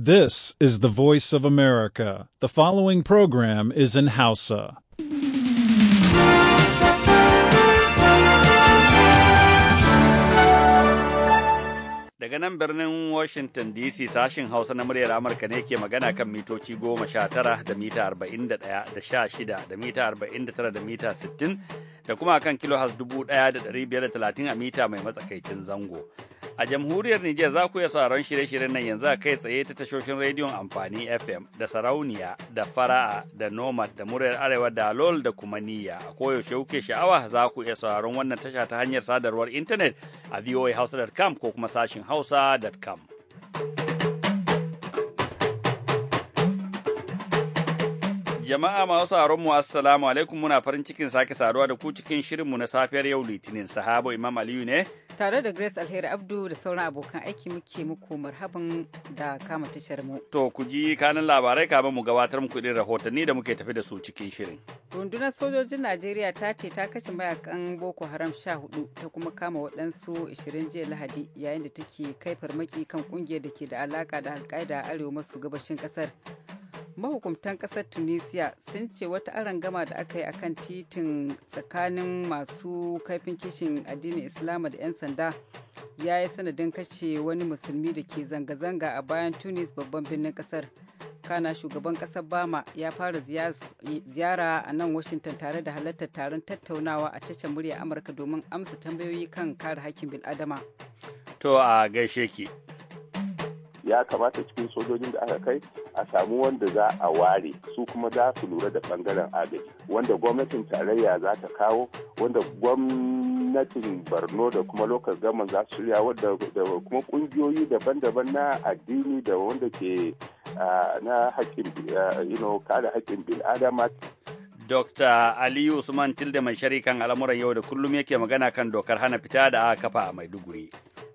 This is the voice of America. The following program is in Hausa. Daga nan birnin Washington DC sashin Hausa na muryar Amurka ne ke magana kan mitoci goma sha tara da mita arba'in da ɗaya da sha shida da mita arba'in da tara da mita sittin da kuma kan kilohas dubu ɗaya da ɗari biyar da talatin a mita mai matsakaicin zango. A jamhuriyar Nijar za ku iya sauran shirye-shiryen nan yanzu a kai tsaye ta tashoshin rediyon amfani FM da sarauniya da fara'a da nomad da muryar arewa da lol da kuma niyya. A koyaushe kuke sha'awa za ku iya sauraron wannan tasha ta hanyar sadarwar intanet a voahausa.com ko kuma sashin hausa.com. Jama'a masu sauraron mu assalamu alaikum muna farin cikin sake saduwa da ku cikin shirinmu na safiyar yau Litinin Sahabo Imam Aliyu ne tare da grace alheri abdu da sauran abokan aiki muke muku marhaban da kama tashar mu to ku ji kanin labarai kafin mu gabatar muku irin rahotanni da muke tafi da su cikin shirin rundunar sojojin najeriya ta ce ta kashe mayakan boko haram sha hudu ta kuma kama waɗansu 20 jiya lahadi yayin da take kai farmaki kan kungiyar da ke da alaka da alkaida a arewa maso gabashin ƙasar mahukumtan kasar tunisia sun ce wata arangama da aka yi a kan titin tsakanin masu kaifin kishin addinin Islam da 'yan sanda ya yi sanadin kashe wani musulmi da ke zanga-zanga a bayan tunis babban birnin kasar kana shugaban kasar bama ya fara ziyara a nan washington tare da halartar taron tattaunawa a tashar murya amurka domin amsa tambayoyi kan kare hakkin bil'adama to a gaishe ki ya kamata cikin sojojin da aka kai a samu wanda za a ware su kuma za su lura da bangaren agaji wanda gwamnatin tarayya za ta kawo wanda gwamnatin borno da kuma lokal gaman za su shirya da kuma kungiyoyi daban-daban na addini da wanda ke na haƙƙin kare haƙƙin bil'adama Dr. Ali Usman Tilde mai sharikan al'amuran yau da kullum yake magana kan dokar hana fita da aka kafa a Maiduguri.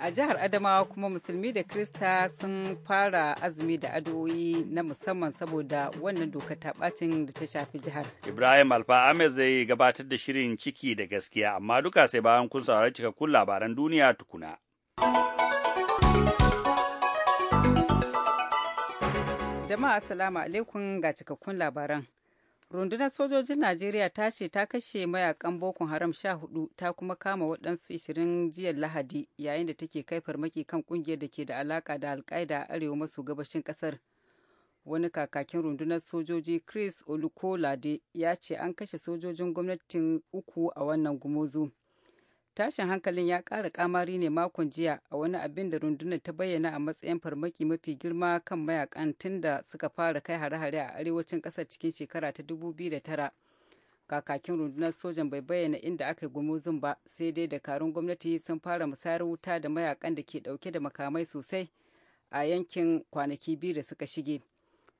a jihar adamawa kuma musulmi da krista sun fara azumi da adoyi na musamman saboda wannan doka ta bacin da ta shafi jihar ibrahim alfa ahmed zai gabatar da shirin ciki da gaskiya amma duka sai bayan kun saurari cikakkun labaran duniya tukuna jama'a assalamu alaikum ga cikakkun labaran rundunar sojojin najeriya ta ce ta kashe mayakan boko haram sha hudu ta kuma kama waɗansu 20 jiya lahadi yayin da take kai farmaki kan kungiyar da ke da alaka da alkaida a arewa maso gabashin ƙasar wani kakakin rundunar sojoji chris olukolade ya ce an kashe sojojin gwamnatin uku a wannan gumuzu tashin hankalin ya ƙara kamari ne makon jiya a wani abin da rundunar ta bayyana a matsayin farmaki mafi girma kan mayakan tun da suka fara kai hare-hare a arewacin ƙasar cikin shekara ta 2009 kakakin rundunar sojan bai bayyana inda aka yi gumuzin ba sai dai dakarun gwamnati sun fara musayar wuta da mayakan da ke ɗauke da makamai sosai a yankin kwanaki biyu da suka shige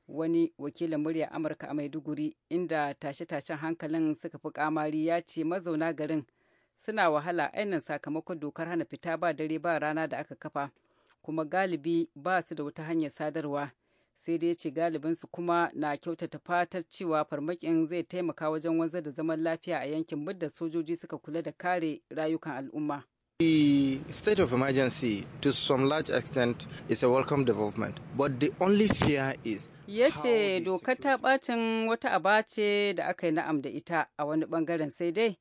wani wakilin murya amurka a maiduguri inda tashe-tashen hankalin suka fi kamari ya ce mazauna garin suna wahala ainihin sakamakon dokar hana fita ba dare ba rana da aka kafa kuma galibi ba su da wata hanyar sadarwa sai dai ce galibinsu kuma na kyautata fatar cewa farmakin zai taimaka wajen wanzar da zaman lafiya a yankin muddin sojoji suka kula da kare rayukan al'umma. The state of emergency to some large extent is a welcome development, but the only fear is ya ce dokar ta bacin wata aba ce da aka yi na'am da ita a wani bangaren sai dai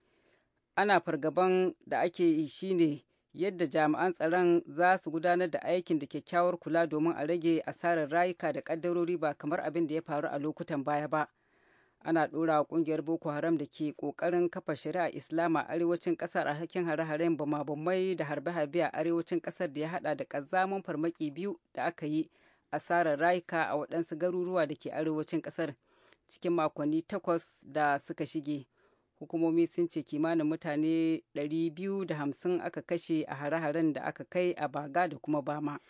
ana fargaban da ake shi ne yadda jami'an tsaron za su gudanar da aikin da kyakkyawar kula domin a rage asarar rayuka da ƙaddarori ba kamar abin da ya faru a lokutan baya ba ana ɗora wa ƙungiyar boko haram da ke ƙoƙarin kafa shari'a islama a arewacin ƙasar alhakin hare-haren bama-bamai da harbe-harbe a arewacin ƙasar da ya haɗa da ƙazamin farmaki biyu da aka yi asarar rayuka a waɗansu garuruwa da ke arewacin ƙasar cikin makonni takwas da suka shige hukumomi sun ce kimanin mutane 250 aka kashe a hare-haren da aka kai a baga da kuma bama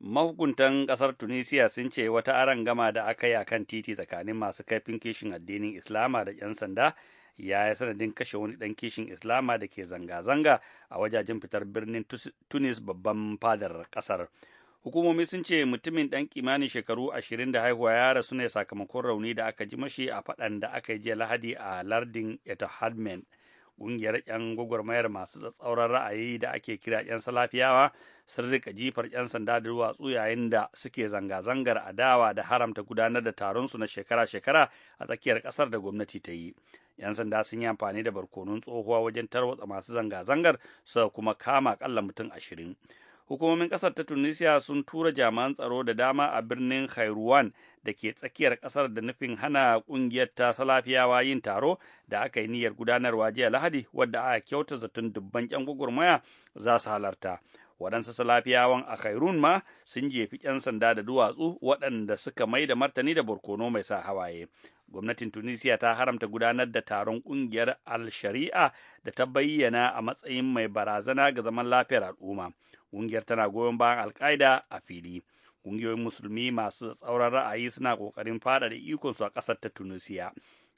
mahukuntan ƙasar tunisiya sun ce wata aron gama da aka yi a kan titi tsakanin masu kaifin kishin addinin islama da 'yan sanda ya yi sanadin kashe wani ɗan kishin islama da ke zanga-zanga a wajajen fitar birnin tunis babban fadar ƙasar. hukumomi sun ce mutumin ɗan kimanin shekaru ashirin da haihuwa ya rasu ne sakamakon rauni da aka ji mashi a faɗan da aka yi jiya lahadi a lardin etahadmen ƙungiyar 'yan gwagwarmayar masu tsatsauran ra'ayi da ake kira 'yan salafiyawa sun rika jifar 'yan sanda da duwatsu yayin da suke zanga-zangar adawa da haramta gudanar da taronsu na shekara-shekara a tsakiyar ƙasar da gwamnati ta yi 'yan sanda sun yi amfani da barkonun tsohuwa wajen tarwatsa masu zanga-zangar suka kuma kama akalla mutum ashirin hukumomin ƙasar ta tunisia sun tura jami'an tsaro da dama a birnin khairuwan da ke tsakiyar ƙasar da nufin hana ƙungiyar ta salafiyawa yin taro da aka yi niyyar gudanarwa jiya lahadi wadda a kyauta zaton dubban kyan gwagwarmaya za su halarta waɗansu salafiyawan a kairun ma sun jefi 'yan sanda da duwatsu waɗanda suka mai da martani da barkono mai sa hawaye gwamnatin tunisia ta haramta gudanar da taron ƙungiyar al-shari'a da ta bayyana a matsayin mai barazana ga zaman lafiyar al'umma ƙungiyar tana goyon bayan al a fili ƙungiyoyin musulmi masu tsauran ra'ayi suna ƙoƙarin faɗaɗa ikonsu a ƙasar ta tunisia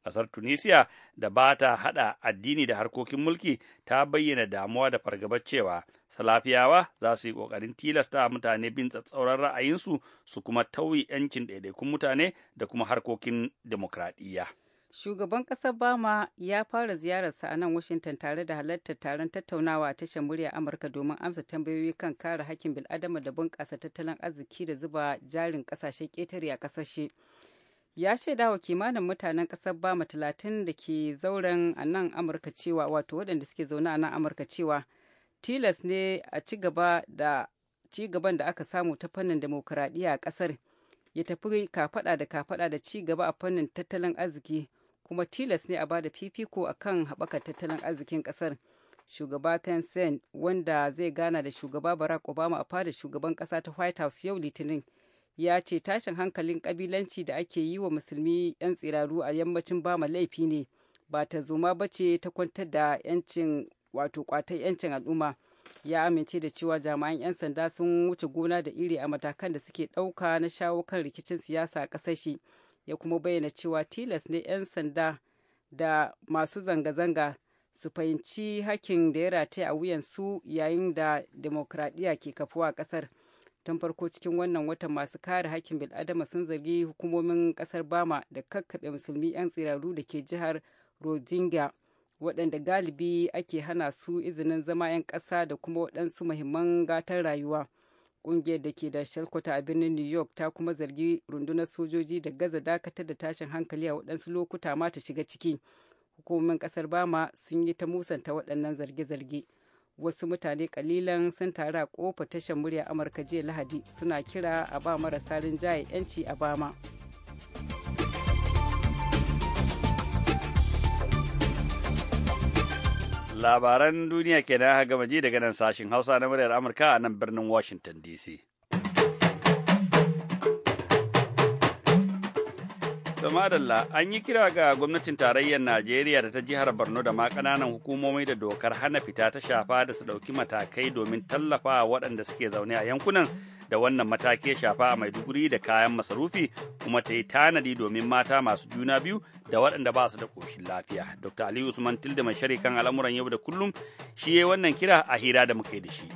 Ƙasar Tunisia da ba ta haɗa addini da harkokin mulki ta bayyana damuwa da fargabar cewa Salafiyawa za su yi ƙoƙarin tilasta mutane bin tsatsauran ra'ayinsu su kuma tauyi 'yancin ɗaiɗaikun mutane da kuma harkokin demokradiyya. Shugaban ƙasar Bama ya fara ziyararsa a nan Washington tare da halartar taron tattaunawa a tashar murya Amurka domin amsa tambayoyi kan kare hakkin bil'adama da bunƙasa tattalin arziki da zuba jarin ƙasashen ketare a ƙasashe. ya shaida wa kimanin mutanen kasar bama talatin da ke zauren a nan amurka cewa wato waɗanda suke zaune a nan amurka cewa tilas ne a ci gaba da ci gaban da aka samu ta fannin demokuraɗiyya a ƙasar ya tafi kafaɗa da kafaɗa da ci gaba a fannin tattalin arziki kuma tilas ne a ba da fifiko a kan haɓakar tattalin arzikin ƙasar shugaba Tencent wanda zai gana da shugaba Barack Obama a fadar shugaban ƙasa ta White House yau Litinin ya ce tashin hankalin kabilanci da ake yi wa musulmi 'yan tsiraru a yammacin bama laifi ne ba ta zoma ba ce ta kwantar da 'yancin wato kwatar 'yancin al'umma ya amince da cewa jami'an 'yan sanda sun wuce gona da iri a matakan da suke ɗauka na shawo kan rikicin siyasa a ƙasar shi ya kuma bayyana cewa tilas ne 'yan sanda da masu zanga-zanga su fahimci hakkin da ya rataya a wuyansu yayin da demokradiyya ke kafuwa a ƙasar. tun farko cikin wannan watan masu kare hakkin bil'adama sun zargi hukumomin kasar bama da kakkaɓe musulmi 'yan tsiraru da ke jihar rojinga waɗanda galibi ake hana su izinin zama 'yan ƙasa da kuma waɗansu mahimman gatan rayuwa ƙungiyar da ke da shalkwata a birnin new york ta kuma zargi rundunar sojoji da gaza dakatar da tashin hankali a waɗansu lokuta ma ta shiga ciki hukumomin ƙasar bama sun yi ta musanta waɗannan zarge-zarge. wasu mutane kalilan sun taru a kofa tashar murya amurka jiya lahadi suna kira a ba marasa rinjaye 'yanci a bama labaran duniya kenan gama ji daga nan sashin hausa na muryar amurka a nan birnin washington dc To madalla an yi kira ga gwamnatin tarayyar Najeriya da ta jihar Borno da ma kananan hukumomi da dokar hana fita ta shafa da su ɗauki matakai domin tallafa waɗanda suke zaune a yankunan da wannan mataki ya shafa a Maiduguri da kayan masarufi kuma ta yi tanadi domin mata masu juna biyu da waɗanda ba su da ƙoshin lafiya. Dr. Ali Usman Tilda mai shari kan al'amuran yau da kullum shi ya wannan kira a hira da muka da shi.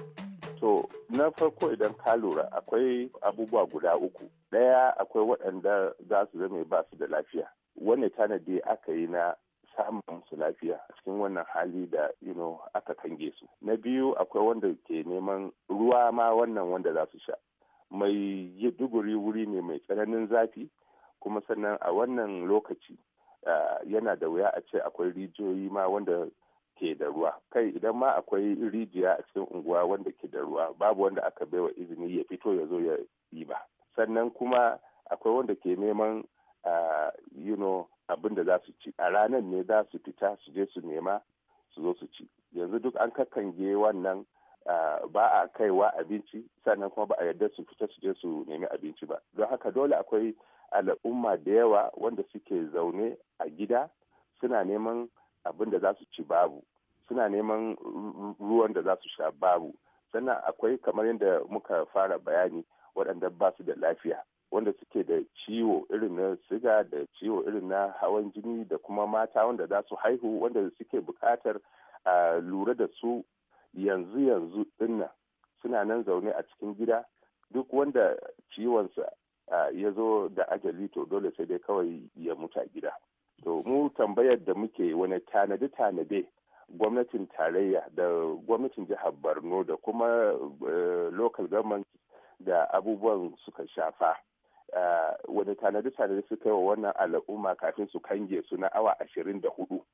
so na farko idan ka lura akwai abubuwa guda uku. Ɗaya akwai waɗanda za su zama ba su da lafiya. Wani tanadi aka yi na samun su lafiya cikin wannan hali da you know, aka kange su. Na biyu akwai wanda ke neman ruwa ma wannan wanda za su sha. Mai duguri wuri ne mai tsananin zafi kuma sannan a wannan lokaci ah, yana da wuya a ce akwai rijiyoyi ma wanda ke da ruwa kai idan ma akwai rijiya a cikin unguwa wanda ke da ruwa babu wanda aka baiwa izini ya fito ya zo ya yi ba sannan kuma akwai wanda ke neman uh, you know abin da za su ci a ranar ne za su fita su je su nema su zo su ci yanzu duk an kakkange wannan ba a kaiwa abinci sannan kuma ba a yarda su fita su je su nemi abinci ba don haka dole akwai al'umma da yawa wanda suke zaune a gida suna neman abin da za su ci babu suna neman ruwan da za su sha babu sannan akwai kamar yadda muka fara bayani waɗanda ba su da lafiya wanda suke da ciwo irin na siga da ciwo irin na hawan jini da kuma mata wanda za su haihu wanda suke bukatar a lura da su yanzu yanzu dinnan suna nan zaune a cikin gida duk wanda ciwonsa ya zo da ajali to dole sai dai kawai ya mutu gida To mu tambayar da muke wani tanade-tanade gwamnatin tarayya da gwamnatin jihar Borno da kuma eh, local government da abubuwan suka shafa. Eh, wani tanade-tanade suka yi wa wannan al'umma kafin su kange su na awa ashirin da hudu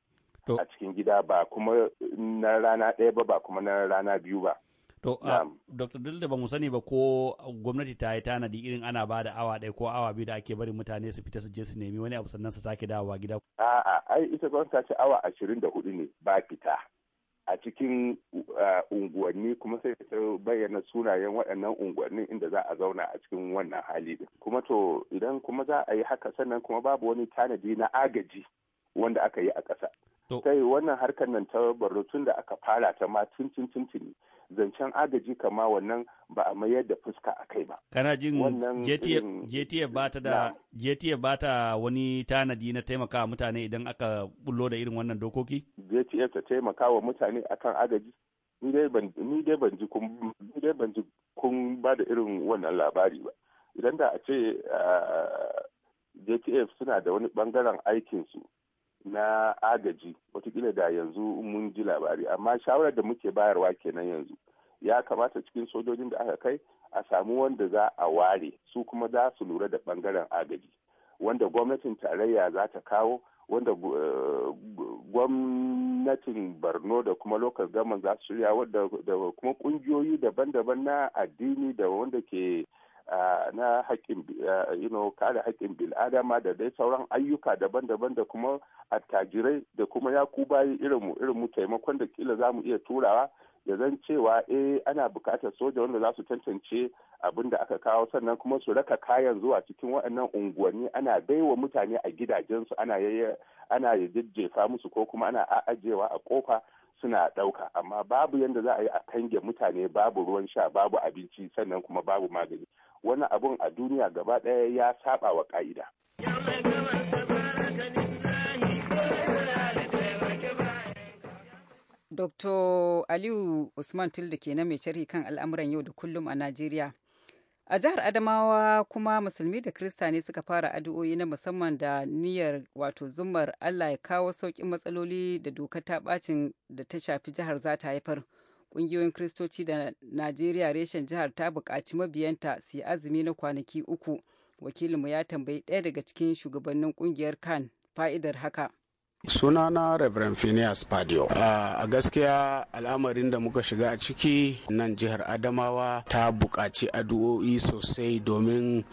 a cikin gida ba kuma na rana ɗaya ba ba kuma na rana biyu ba. To, uh, Dr. Dilda ba mu sani ba ko gwamnati ta yi tanadi irin ana ba da awa ɗaya ko awa biyu da ake bari mutane su fita su je su nemi wani abu sannan su sake dawowa gida. A'a, ai ita gwamnati ta ce awa ashirin da hudu ne ba fita. A cikin uh, unguwanni kuma sai ta bayyana sunayen waɗannan unguwanni inda za a zauna a cikin wannan hali ɗin. Kuma to idan kuma za a yi haka sannan kuma babu wani tanadi na agaji wanda aka yi a ƙasa. Sai wannan harkar nan ta barno tun da aka fara ta ma tun tun zancen agaji kama wannan ba a mayar da fuska a kai ba. Kana jin JTF ba ta da JTF ba ta wani tanadi na taimaka mutane idan aka bullo da irin wannan dokoki? JTF ta taimaka wa mutane akan agaji? Ni dai ban ji kun kun ba da irin wannan labari ba. Idan da a ce ah, JTF suna da wani bangaren aikinsu na agaji watakila da yanzu mun ji labari amma shawarar da muke bayarwa kenan yanzu ya kamata cikin sojojin da aka kai a samu wanda za a ware su kuma za su lura da bangaren agaji wanda gwamnatin tarayya za ta kawo wanda eh, gwamnatin borno da kuma lokal gaman za su shirya da kuma kungiyoyi daban-daban na addini da wanda ke na haƙƙin kare haƙƙin bil'adama da dai sauran ayyuka daban-daban da kuma attajirai da kuma ya ku bayi irin mu taimakon da kila za mu iya turawa ya zan cewa eh ana buƙatar soja wanda za su tantance abin da aka kawo sannan kuma su raka kayan zuwa cikin waɗannan unguwanni ana baiwa mutane a gidajensu ana ana jejjefa musu ko kuma ana ajewa a kofa suna ɗauka amma babu yadda za a yi a kange mutane babu ruwan sha babu abinci sannan kuma babu magani wani abun a duniya gaba ɗaya ya saba wa ƙa'ida. Dr. Aliyu Usman ke na mai sharhi kan al'amuran yau da kullum a Najeriya. A jihar Adamawa kuma musulmi da Kirista suka fara addu'o'i na musamman da niyyar wato zumar Allah ya kawo sauƙin matsaloli da dokar ta bacin da ta shafi jihar za ta haifar. Ƙungiyoyin kristoci da Najeriya reshen jihar ta buƙaci mabiyanta su yi azumi na kwanaki uku. Wakilinmu ya tambayi ɗaya daga cikin shugabannin ƙungiyar kan fa'idar haka. sunana reverend phineas padio a gaskiya al'amarin da muka shiga a ciki nan jihar adamawa ta buƙaci addu'o'i sosai domin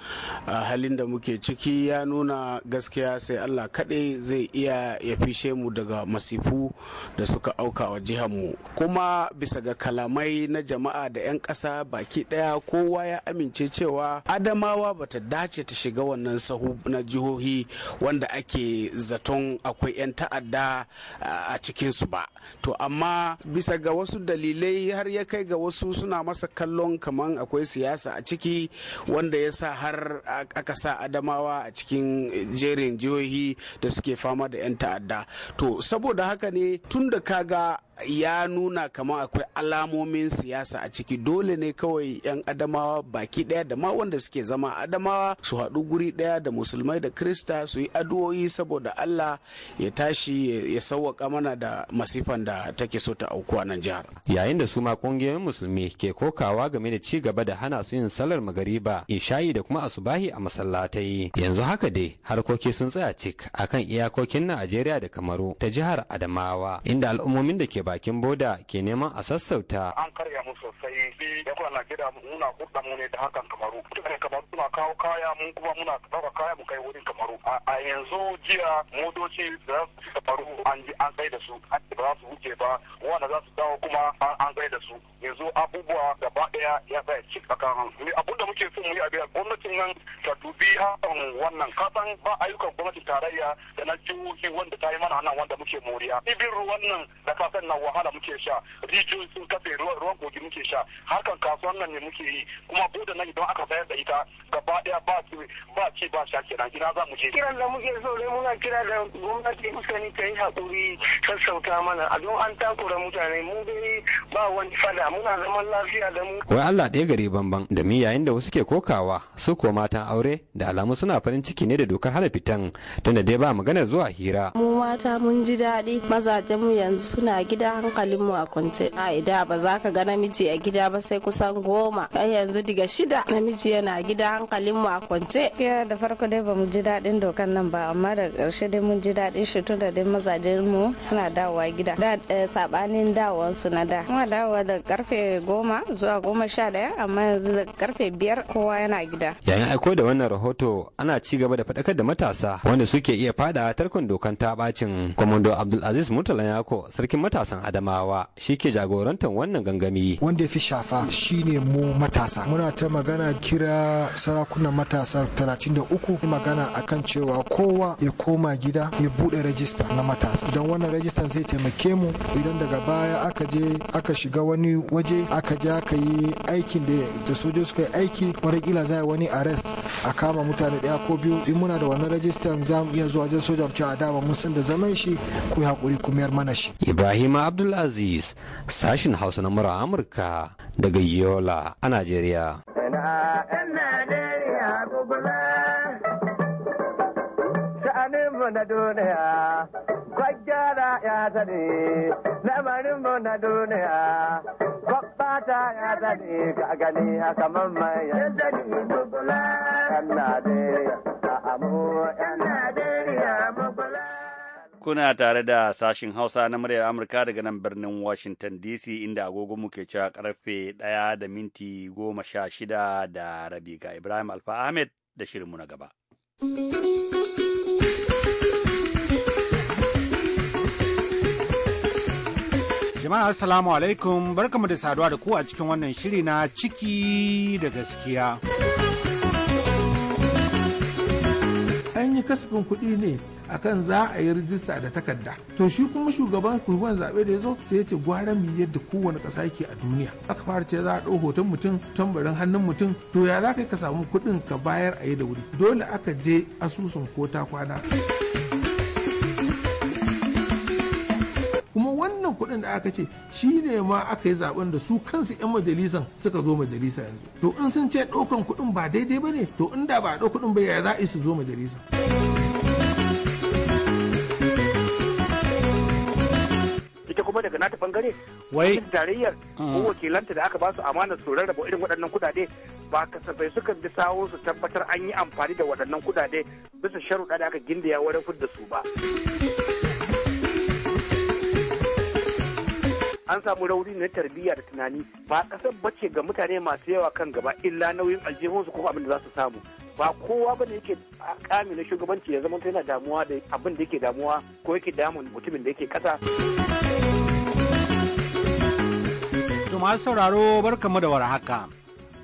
halin da muke ciki ya nuna gaskiya sai allah kaɗai zai iya ya fishe mu daga masifu da suka auka wa jiharmu kuma bisa ga kalamai na jama'a da 'yan ƙasa baki ɗaya kowa ya amince cewa adamawa bata dace ta shiga wannan sahu na jihohi wanda ake zaton akwai 'yan ta'adda a cikin su ba to amma bisa ga wasu dalilai har ya kai ga wasu suna masa kallon kamar akwai siyasa a ciki wanda ya sa har aka sa adamawa a cikin jerin jihohi da suke fama da 'yan ta'adda to saboda haka ne tun da kaga ya nuna kamar akwai alamomin siyasa a ciki dole ne kawai 'yan adamawa baki ɗaya da ma wanda suke zama adamawa su haɗu guri ɗaya da musulmai da krista su yi addu'o'i saboda allah ya tashi ya sauwaka mana da masifan da take so ta auku a nan jihar yayin da su ma ƙungiyoyin musulmi ke kokawa game da ci gaba da hana su yin salar magariba ishayi da kuma asubahi a masallatai yanzu haka dai harkoki sun tsaya cik akan iyakokin najeriya da kamaru ta jihar adamawa inda al'ummomin da ke bakin boda ke neman a sassauta. An karya mu sosai da kuma na gida muna kurɗa mu ne da hakan kamaru. Mutane kamaru suna kawo kaya mun kuma muna ɗaga kaya mu kai wurin kamaru. A yanzu jiya motoci da su kamaru an kai da su. Ba za su wuce ba wanda za su dawo kuma an kai da su. ya zo abubuwa gaba ɗaya ya zai ci a kan ni muke so mu yi a gwamnatin nan ta dubi hakan wannan kasan ba ayyukan gwamnatin tarayya da na jihohi wanda ta yi mana nan wanda muke moriya ibin ruwan nan da kasan nan wahala muke sha rijiyoyi sun kafe ruwan kogi muke sha harkan kasuwan nan ne muke yi kuma boda nan idan aka sayar da ita gaba ɗaya ba ci ba ci ba sha kenan gina za mu je kiran da muke so dai muna kira da gwamnati musani ta yi haƙuri sassauta mana a don an takura mutane mu dai ba wani fada muna zaman lafiya da mu. Wai Allah ɗaya gari banban. da mi yayin da wasu ke kokawa su ko matan aure da alamu suna farin ciki ne da dokar hana fitan tunda dai ba maganar zuwa hira. Mu mata mun ji daɗi mazajen mu yanzu suna gida hankalin mu a kwance. A da ba za ka ga namiji a gida ba sai kusan goma. A yanzu daga shida namiji yana gida hankalin mu a kwance. da farko dai ba mu ji daɗin dokar nan ba amma da ƙarshe dai mun ji daɗin shi tunda dai mazajen mu suna dawowa gida. Da eh, sabanin dawowansu na da. Kuma dawowa da ƙarfi karfe goma zuwa goma sha daya amma yanzu da karfe biyar kowa yana gida. Yayin aiko da wannan rahoto ana ci gaba da faɗakar da matasa wanda suke iya fada tarkon dokan ta bacin komando Abdulaziz Murtala Yako sarkin matasan Adamawa shi ke jagorantar wannan gangami. Wanda ya fi shafa shine mu matasa. Muna ta magana kira sarakunan matasa talatin da uku magana akan cewa kowa ya koma gida ya bude rajista na matasa. Don wannan rajistan zai taimake mu idan daga baya aka je aka shiga wani waje aka ja ka yi aikin da da sojoji suka yi aiki watakila za a wani arrest a kama mutane daya ko biyu in muna da wannan rajistan za mu iya zuwa wajen soja mu a dama mun san da zaman shi ku hakuri ku mayar mana shi. Ibrahim Abdulaziz sashin Hausa na Amurka daga Yola a Najeriya. na duniya kwaggara ya sani lamarin mu na duniya kwabbata ya zane ga gani haka mai ya zane mugula yan najeriya a amu yan ya mugula kuna tare da sashin Hausa na muryar Amurka daga nan birnin Washington DC inda agogo ke cewa karfe ɗaya da minti goma sha shida da rabi ga Ibrahim Alfa Ahmed da shirinmu na gaba. Jama'a Assalamu alaikum barkamu da saduwa da ku a cikin wannan shiri na ciki da gaskiya. An yi kasafin kuɗi ne akan za a yi rijista da takarda to shi kuma shugaban hukumar zaɓe da ya zo sai ya ce gwara mu yadda kowane ƙasa yake a duniya aka fara ce za a ɗau hoton mutum tambarin hannun mutum to ya za ka samu kuɗin ka bayar a yi da wuri dole aka je asusun ko ta kwana. wannan da aka ce shi ne ma aka yi zaben da su kansu 'yan majalisan suka zo majalisa yanzu to in sun ce ɗaukan kuɗin ba daidai ba ne to in da ba ɗau kuɗin ba ya za a su zo majalisa. ita kuma daga nata bangare wai tarayyar ko mm. wakilanta da aka ba su amana su rarraba irin waɗannan kudade ba kasafai suka bi sawo su tabbatar an yi amfani da waɗannan kuɗaɗe bisa sharuɗa da aka gindaya wurin fudda su ba. an samu rauni na tarbiyya da tunani ba kasar bace ga mutane masu yawa kan gaba illa nauyin aljihunsu ko abin da za su samu ba kowa bane yake kame na shugabanci ya zama yana damuwa da abin da yake damuwa ko yake damun mutumin da yake kasa to masu sauraro barkamu da warhaka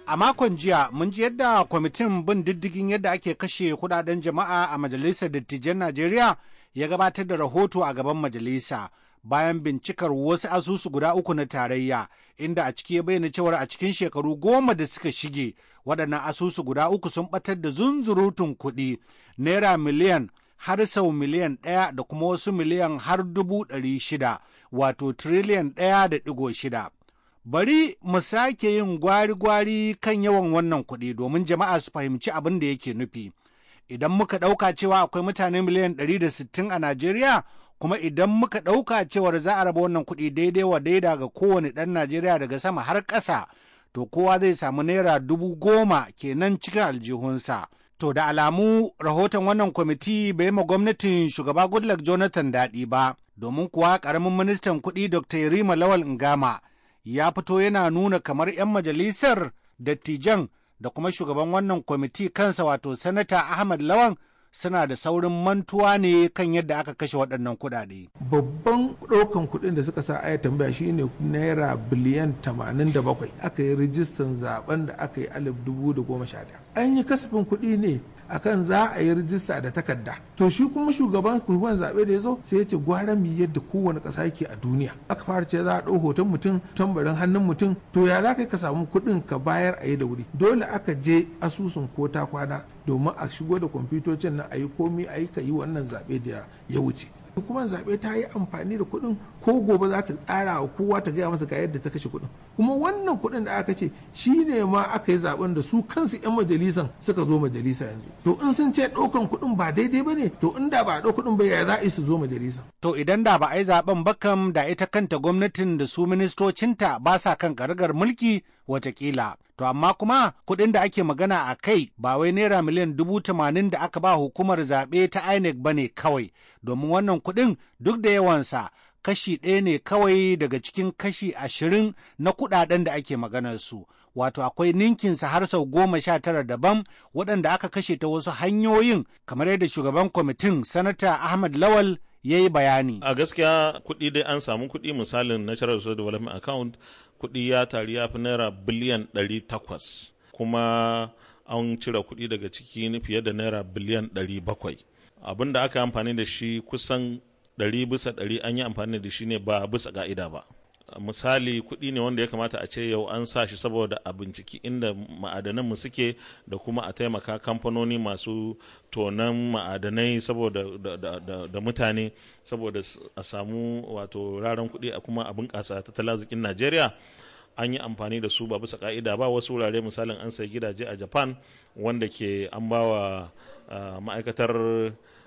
a makon jiya mun ji yadda kwamitin bin diddigin yadda ake kashe kudaden jama'a a majalisar dattijan najeriya ya gabatar da rahoto a gaban majalisa bayan bincikar wasu asusu guda uku na tarayya inda a ciki ya bayyana cewar a cikin shekaru goma da suka shige waɗannan asusu guda uku sun ɓatar da zunzurutun kuɗi naira miliyan har sau miliyan ɗaya da kuma wasu miliyan har dubu ɗari shida wato tiriliyan ɗaya da ɗigo shida. Bari mu sake yin gwari-gwari kan yawan wannan kuɗi domin jama'a su fahimci abin da yake nufi. Idan muka ɗauka cewa akwai mutane miliyan ɗari da sittin a Najeriya, kuma idan muka ɗauka cewar za a raba wannan kuɗi daidai wa daida ga kowane ɗan najeriya daga sama har ƙasa to kowa zai samu naira dubu goma kenan cikin aljihunsa to da alamu rahoton wannan kwamiti bai ma gwamnatin shugaba goodluck jonathan daɗi ba domin kuwa ƙaramin ministan kuɗi dr yarima lawal ngama ya fito yana nuna kamar 'yan majalisar dattijan da kuma shugaban wannan kwamiti kansa wato sanata ahmad lawan suna da saurin mantuwa ne kan yadda aka kashe waɗannan kuɗaɗe. Babban ɗaukan kuɗin da suka sa aya tambaya shi ne naira biliyan tamanin da bakwai. aka yi rijistan zaben da aka yi alif dubu da goma sha ɗaya. An yi kasafin kuɗi ne akan za a yi rijista da takarda to shi kuma shugaban hukumar zaɓe da ya zo sai ya ce gwara mu yadda kowane ƙasa yake a duniya aka fara ce za a ɗau hoton mutum tambarin hannun mutum to ya za ka samu kuɗin ka bayar a yi da wuri dole aka je asusun ko ta kwana domin a shigo da kwamfutocin na a yi komi a yi ka yi wannan zaɓe da ya wuce hukumar zaɓe ta yi amfani da kuɗin ko gobe za ta tsara wa kowa ta gaya masa ga yadda ta kashe kuɗin kuma wannan kuɗin da aka ce shi ne ma aka yi zaɓen da su kansu 'yan majalisan suka zo majalisa yanzu to in sun ce ɗaukan kuɗin ba daidai ba ne to in da ba a ɗau kuɗin ba ya za a su zo majalisa. to idan da ba a yi zaɓen ba kam da ita kanta gwamnatin da su ministocinta ba sa kan ƙarƙar mulki watakila. To amma kuma kuɗin da ake magana a kai ba wai naira miliyan dubu tamanin da aka ba hukumar zaɓe ta INEC ba ne kawai, domin wannan kuɗin duk da yawansa kashi ɗaya ne kawai daga cikin kashi ashirin na kuɗaɗen da ake maganar su. Wato akwai ninkinsa har sau goma sha tara daban waɗanda aka kashe ta wasu hanyoyin kamar yadda shugaban kwamitin sanata Ahmad Lawal ya yi bayani. A gaskiya kuɗi dai an samu kuɗi misalin Natural Resource Development Account kuɗi ya taru ya fi naira biliyan ɗari takwas. kuma an cire kuɗi daga ciki fiye da naira biliyan 700 abin da aka amfani da shi kusan ɗari bisa ɗari an yi amfani da shi ne ba bisa ga'ida ba misali kuɗi ne wanda ya kamata a ce yau an sa shi saboda a binciki inda ma'adanan mu suke da kuma a taimaka kamfanoni masu tonan ma'adanai saboda da, mutane saboda a samu wato raran kuɗi a kuma abin ƙasa tattalin arzikin najeriya an yi amfani da su ba bisa ka'ida ba wasu wurare misalin an sayi gidaje a japan wanda ke an ba bawa ah, ma'aikatar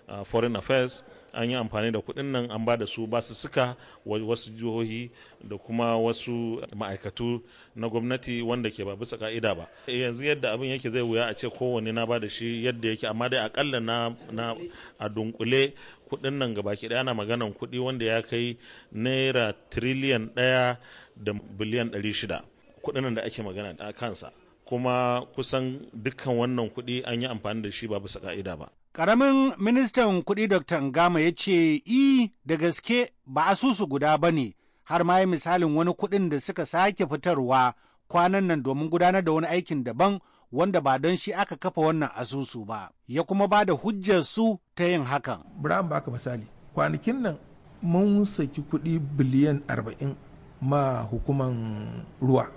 ah, foreign affairs an yi amfani da kuɗin nan an ba da su ba su suka wasu jihohi da kuma wasu ma'aikatu na gwamnati wanda ke ba bisa ka'ida ba yanzu yadda abin yake zai wuya a ce kowane na ba da shi yadda yake amma dai akalla na, a dunkule kuɗin nan gaba ɗaya ana maganan kuɗi wanda ya kai naira tiriliyan ɗaya da biliyan ɗari shida kuɗin nan da ake magana a kansa kuma kusan dukkan wannan kuɗi an yi amfani da shi ba bisa ka'ida ba Ƙaramin ministan kuɗi Dr. Ngama ya ce, "I da gaske ba asusu guda ba ne, har ma yi misalin wani kuɗin da suka sake fitarwa kwanan nan domin gudanar da wani aikin daban wanda ba don shi aka kafa wannan asusu ba, ya kuma ba da hujjar su ta yin hakan. Bra baka misali, kwanakin nan mun saki kuɗi biliyan arba'in ma hukuman ruwa.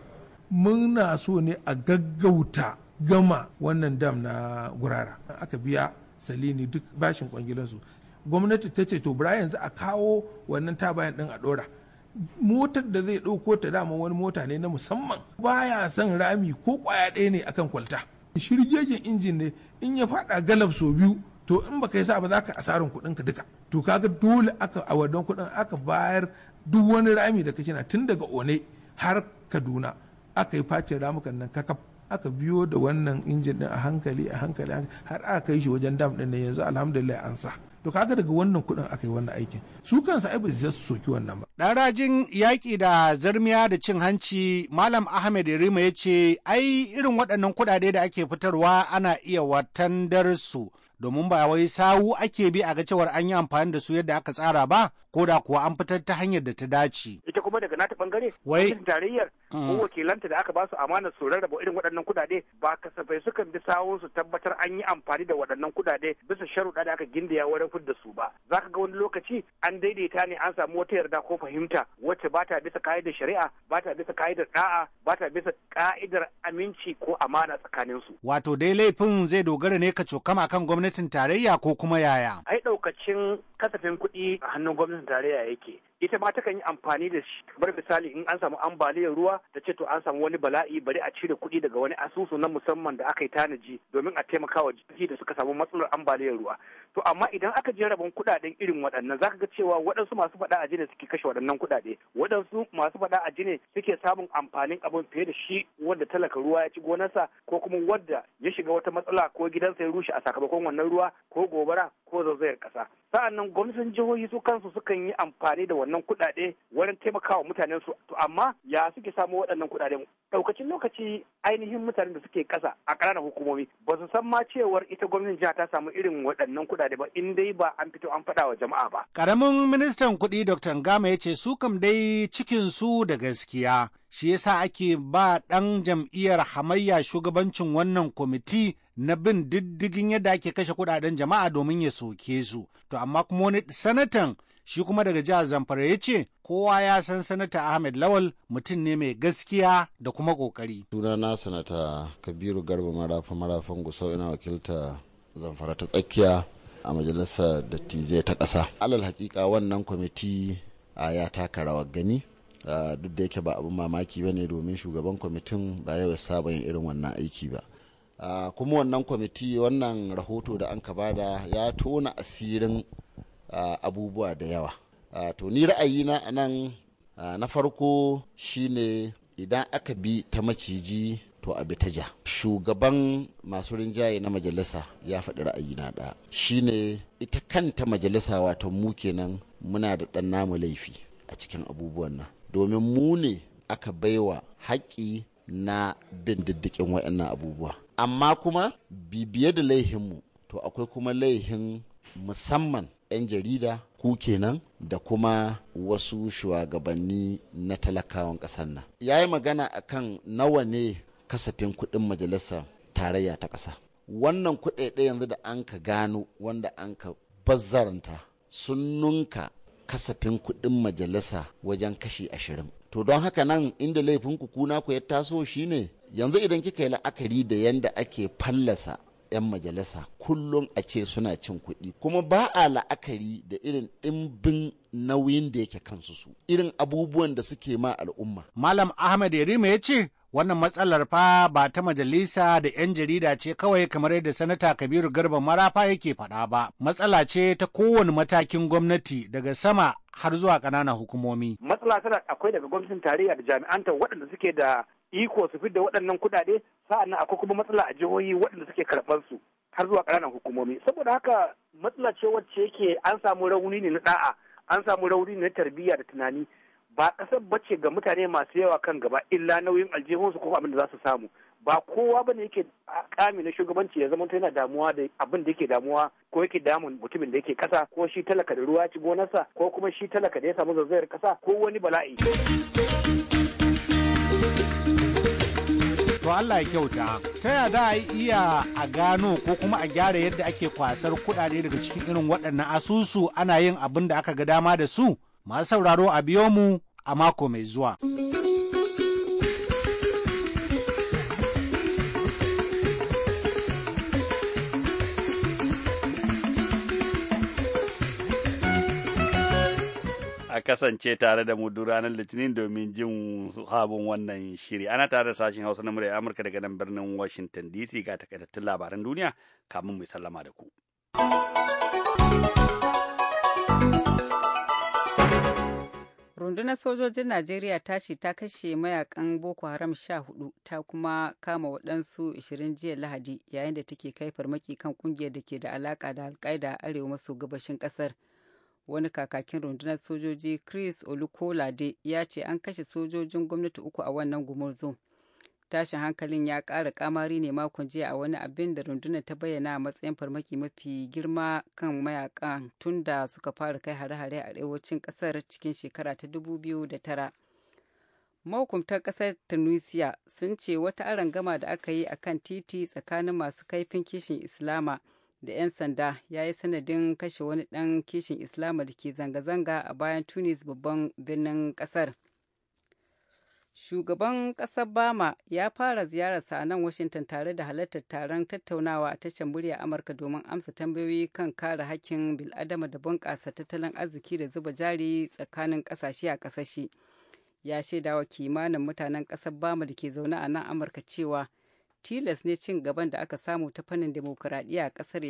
Muna so ne a gaggauta gama wannan dam na gurara. Aka biya salini duk bashin su gwamnati ta ce to bura yanzu a kawo wannan tabayan din a dora motar da zai dauko ta dama wani mota ne na musamman baya son rami ko kwaya ɗaya ne akan kwalta shirgegen injin ne in ya fada galab sau biyu to in baka yi sa ba za ka asarin kuɗin ka duka to kaga dole aka a wadon kuɗin aka bayar duk wani rami da kake na tun daga one har kaduna aka yi face ramukan nan kakaf aka biyo da wannan injin din a hankali a hankali har aka kai shi wajen dam din nan yanzu alhamdulillah an sa to kaga daga wannan kuɗin aka yi wannan aikin su kansa ai ba su soki wannan ba. Ɗarajin yaki da zarmiya da cin hanci Malam Ahmed Rima ya ce ai irin waɗannan kuɗaɗe da ake fitarwa ana iya watandar su domin ba wai sawu ake bi a ga cewar an yi amfani da su yadda aka tsara ba ko da kuwa an fitar ta hanyar da ta dace. Ita kuma daga nata bangare, wai tarayyar Mm. ko wakilanta da aka ba su amana su rarraba irin waɗannan kuɗaɗe ba kasafai sukan bi sawun su tabbatar an yi amfani da waɗannan kuɗaɗe bisa sharuɗa da aka gindaya wurin fidda su ba za ka ga wani lokaci an daidaita ne an samu wata yarda ko fahimta wacce ba ta bisa ka'idar shari'a ba ta bisa ka'idar ɗa'a ba ta bisa ka'idar aminci ko amana tsakanin su wato dai laifin zai dogara ne ka cokama kan gwamnatin tarayya ko kuma yaya ai ɗaukacin kasafin kuɗi a hannun gwamnatin tarayya yake ita ma takan yi amfani da shi kamar misali in an samu ambaliyar ruwa ta ce to an samu wani bala'i bari a cire kuɗi daga wani asusu na musamman da aka yi tanaji domin a taimaka wa jirgi da suka samu matsalar ambaliyar ruwa to amma idan aka je rabon kuɗaɗen irin waɗannan zaka ga cewa waɗansu masu faɗa a jini suke kashe waɗannan kuɗaɗe waɗansu masu faɗa a jini suke samun amfanin abin fiye da shi wanda talaka ruwa ya ci gonarsa ko kuma wanda ya shiga wata matsala ko gidansa ya rushe a sakamakon wannan ruwa ko gobara ko zazzayar ƙasa sa'annan gwamnatin jihohi su kansu sukan yi amfani da waɗannan kuɗaɗe wurin taimakawa mutanen su to amma ya suke samu waɗannan kuɗaɗe daukacin lokaci ainihin mutanen da suke ƙasa a ƙananan hukumomi ba su san ma cewar ita gwamnatin jiha ta samu irin waɗannan kuɗaɗe ba in dai ba an fito an faɗa wa jama'a ba. Karamin ministan kuɗi Dr. Ngama ya ce su kam dai cikin su da gaskiya. Shi yasa ake ba ɗan jam'iyyar hamayya shugabancin wannan kwamiti na bin diddigin yadda ake kashe kuɗaɗen jama'a domin ya soke su. To amma kuma wani sanatan shi kuma daga jihar Zamfara ya ce kowa ya san sanata Ahmed Lawal mutum ne mai gaskiya da kuma kokari. suna na sanata Kabiru Garba Marafa Marafan Gusau ina wakilta Zamfara ta tsakiya a majalisa dattijai ta ƙasa. Alal hakika wannan kwamiti a ya taka rawa gani duk da yake ba abin mamaki ba ne domin shugaban kwamitin ba yau saba yin irin wannan aiki ba. kuma wannan kwamiti wannan rahoto da an ka bada ya tona asirin abubuwa da yawa to ni ra'ayina a nan na farko shine idan aka bi ta maciji to a bitaja shugaban masu rinjaye na majalisa ya faɗi ra'ayi na ɗaya shine ita kanta majalisa wato mu kenan muna da ɗan namu laifi a cikin abubuwan nan domin mu ne aka baiwa haƙƙi na bin diddikin waɗannan abubuwa amma kuma bibiye da laihinmu to akwai kuma laihin musamman 'yan jarida ku kenan da kuma wasu shugabanni na talakawan ƙasar nan ya yi magana a kan nawa ne kasafin kuɗin majalisa tarayya ta ƙasa wannan kuɗaɗe yanzu da an ka gano wanda an ka bazzaranta sun nunka kasafin kuɗin majalisa wajen kashi ashirin to don haka nan inda laifin kuna ku ya taso shine yanzu idan kika yi la'akari da yanda ake fallasa 'yan majalisa kullum a ce suna cin kuɗi kuma ba a la'akari da irin ɗimbin nauyin da yake kansu su irin abubuwan da suke ma al'umma. Malam Ahmed Yarima ya ce wannan matsalar fa ba ta majalisa da 'yan jarida ce kawai kamar yadda sanata Kabiru Garba Marafa yake faɗa ba. Matsala ce ta kowane matakin gwamnati daga sama har zuwa ƙananan hukumomi. Matsala tana akwai daga gwamnatin tarayya da jami'anta waɗanda suke da iko su fidda waɗannan kuɗaɗe sa'annan akwai kuma matsala a jihohi waɗanda suke karɓar su har zuwa ƙananan hukumomi saboda haka matsala ce wacce yake an samu rauni ne na ɗa'a an samu rauni ne na tarbiyya da tunani ba ƙasar bace ga mutane masu yawa kan gaba illa nauyin aljihunsu ko abin da za su samu ba kowa ba ne yake kame na shugabanci ya zama yana damuwa da abin da yake damuwa ko yake damun mutumin da yake kasa ko shi talaka da ruwa ci gonarsa ko kuma shi talaka da ya samu zazzayar kasa ko wani bala'i. to Allah ya kyauta ta ya da iya a gano ko kuma a gyara yadda ake kwasar kudade daga cikin irin waɗannan asusu ana yin abin da aka ga dama da su masu sauraro a biyo mu a mako mai zuwa. kasance tare da mu duk ranar Litinin domin jin sabon wannan shiri. Ana tare da sashen Hausa na murya Amurka daga nan birnin Washington DC ga takaitattun labaran duniya kamun mu sallama da ku. rundunar sojojin najeriya ta ce ta kashe mayakan boko haram sha hudu ta kuma kama waɗansu ishirin jiya lahadi yayin da take kai farmaki kan ƙungiyar da ke da alaka da alkaida arewa maso gabashin ƙasar. wani kakakin rundunar sojoji chris olukolade ya ce an kashe sojojin gwamnati uku a wannan gumurzu tashin hankalin ya ƙara kamari ne makon jiya a wani abin da rundunar ta bayyana a matsayin farmaki mafi girma kan mayakan tun da suka fara kai hare-hare a arewacin ƙasar cikin shekara ta tara. Mahukuntar ƙasar tunisia sun ce wata arangama da aka yi a kan titi tsakanin masu kaifin kishin islama da 'yan sanda ya yi sanadin kashe wani ɗan kishin islama da ke zanga-zanga a bayan tunis babban birnin ƙasar shugaban ƙasar bama ya fara ziyararsa a nan washington tare da halartar taron tattaunawa a tashar murya amurka domin amsa tambayoyi kan kare hakkin bil'adama da bunƙasa tattalin arziki da zuba jari tsakanin ƙasashe a ƙasashe ya shaidawa kimanin mutanen ƙasar bama da ke zaune a nan amurka cewa tilas ne cin gaban da aka samu ta fannin demokuraɗiyya a ƙasar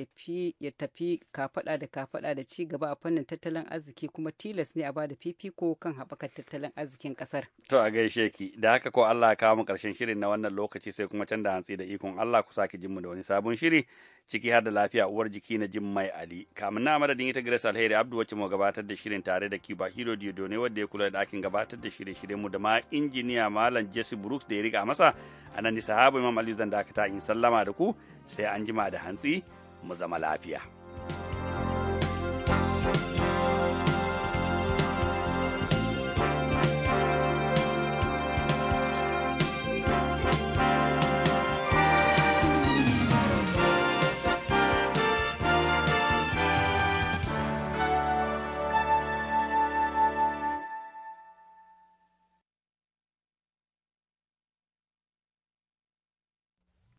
ya tafi kafaɗa da kafaɗa da ci gaba a fannin tattalin arziki kuma tilas ne a bada fifiko kan haɓakar tattalin arzikin ƙasar. To a gaishe ki da haka ko Allah ya kawo mu ƙarshen shirin na wannan lokaci sai kuma canza hantsi da ikon Allah ku sake jin mu da wani sabon shiri ciki har da lafiya uwar jiki na jin mai Ali. Kamin na madadin ita Grace Alheri Abdu wacce mu gabatar da shirin tare da ba Hiro Diodo ne wadda ya kula da ɗakin gabatar da shirye-shiryen mu da ma injiniya Malam Jesse Brooks da ya riga masa a nan ni sahabu Imam Ali zan dakata in sallama da ku sai an jima da hantsi mu zama lafiya.